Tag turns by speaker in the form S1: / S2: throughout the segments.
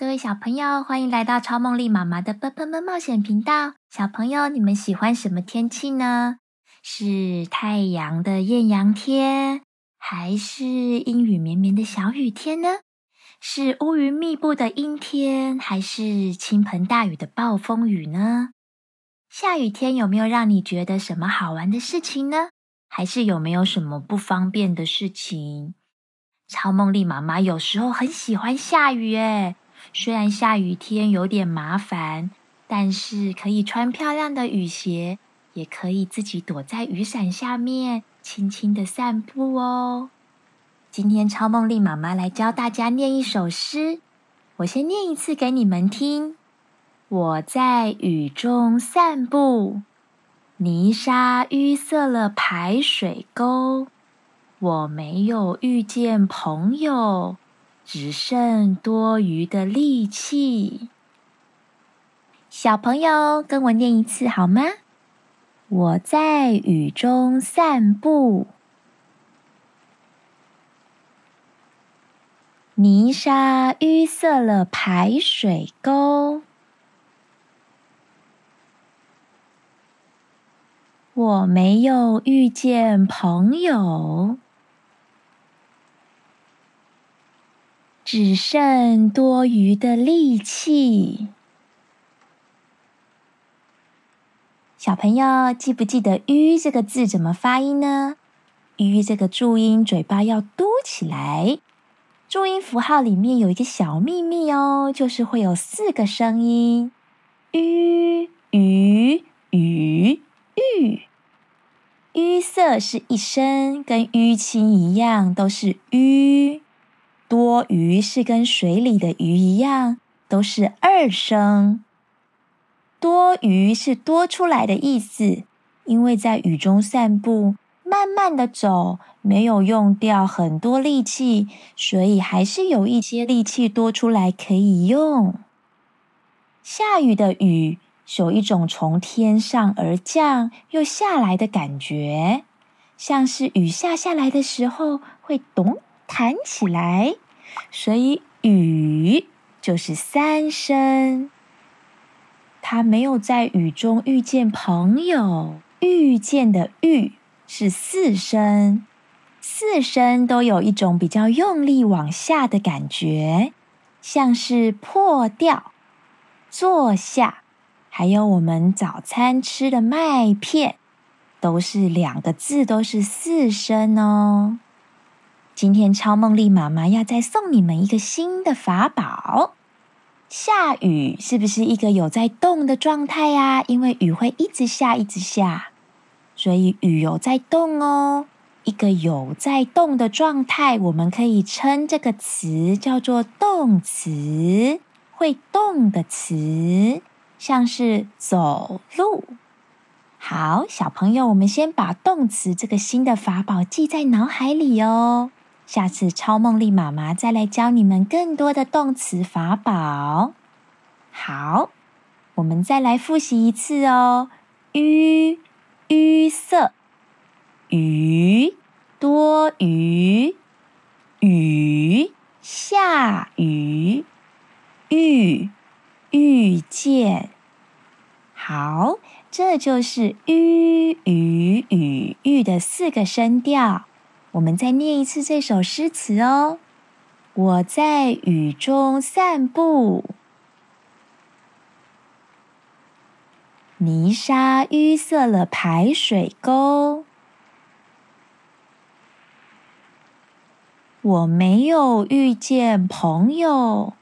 S1: 各位小朋友，歡迎來到超夢麗媽媽的“砰砰砰”冒險頻道。小朋友，你們喜歡什麼天氣呢？是太陽的豔陽天，還是陰雨綿綿的小雨天呢？是烏雲密佈的陰天，還是傾盆大雨的暴風雨呢？下雨天有沒有讓你覺得什麼好玩的事情呢？還是有沒有什麼不方便的事情？超夢麗媽媽有時候很喜歡下雨耶，誒。雖然下雨天有點麻煩，但是可以穿漂亮的雨鞋，也可以自己躲在雨傘下面，輕輕的散步哦。今天超夢麗媽媽來教大家念一首詩，我先念一次給你們聽。我在雨中散步，泥沙淤塞了排水溝，我沒有遇見朋友。只剩多餘的力氣。小朋友，跟我念一次，好嗎？我在雨中散步，泥沙淤塞了排水溝，我沒有遇見朋友。只剩多餘的力氣。小朋友記不記得“淤”這個字怎麼發音呢？“淤”這個注音，嘴巴要嘟起來。注音符號裡面有一個小祕密哦，就是會有四個聲音：淤、魚、雨、郁。淤色是一聲，跟淤青一樣，都是淤。多餘是跟水裡的魚一樣，都是二聲。多餘是多出來的意思，因為在雨中散步，慢慢的走，沒有用掉很多力氣，所以還是有一些力氣多出來可以用。下雨的雨有一種從天上而降又下來的感覺，像是雨下下來的時候會咚。彈起來，所以雨就是三聲。他沒有在雨中遇見朋友，遇見的遇是四聲。四聲都有一種比較用力往下的感覺，像是破掉、坐下，還有我們早餐吃的麥片，都是兩個字都是四聲哦。今天超夢麗媽媽要再送你們一個新的法寶。下雨是不是一個有在動的狀態呀？因為雨會一直下，一直下，所以雨有在動哦。一個有在動的狀態，我們可以稱這個詞叫做動詞，會動的詞，像是走路。好，小朋友，我們先把動詞這個新的法寶記在腦海裡哦。下次超夢麗媽媽再來教你們更多的動詞法寶。好，我們再來複習一次哦。淤淤塞、餘多餘、雨下雨、遇遇見。好，這就是淤、餘、雨、遇的四個聲調。我們再念一次這首詩詞哦。我在雨中散步，泥沙淤塞了排水溝。我沒有遇見朋友，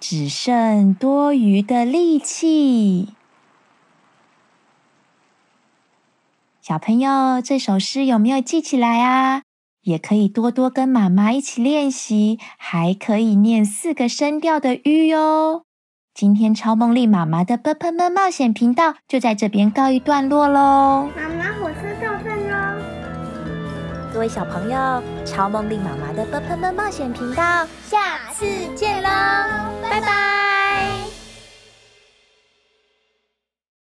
S1: 只剩多餘的力氣。小朋友，這首詩有沒有記起來啊？也可以多多跟媽媽一起練習，還可以念四個聲調的 “ㄩ” 喲。今天超夢麗媽媽的“啵噴噴”冒險頻道就在這邊告一段落嘍。媽媽，火車到站嘍！各位小朋友，超夢麗媽媽的“啵噴噴”冒險頻道，下次見嘍！拜拜。拜拜。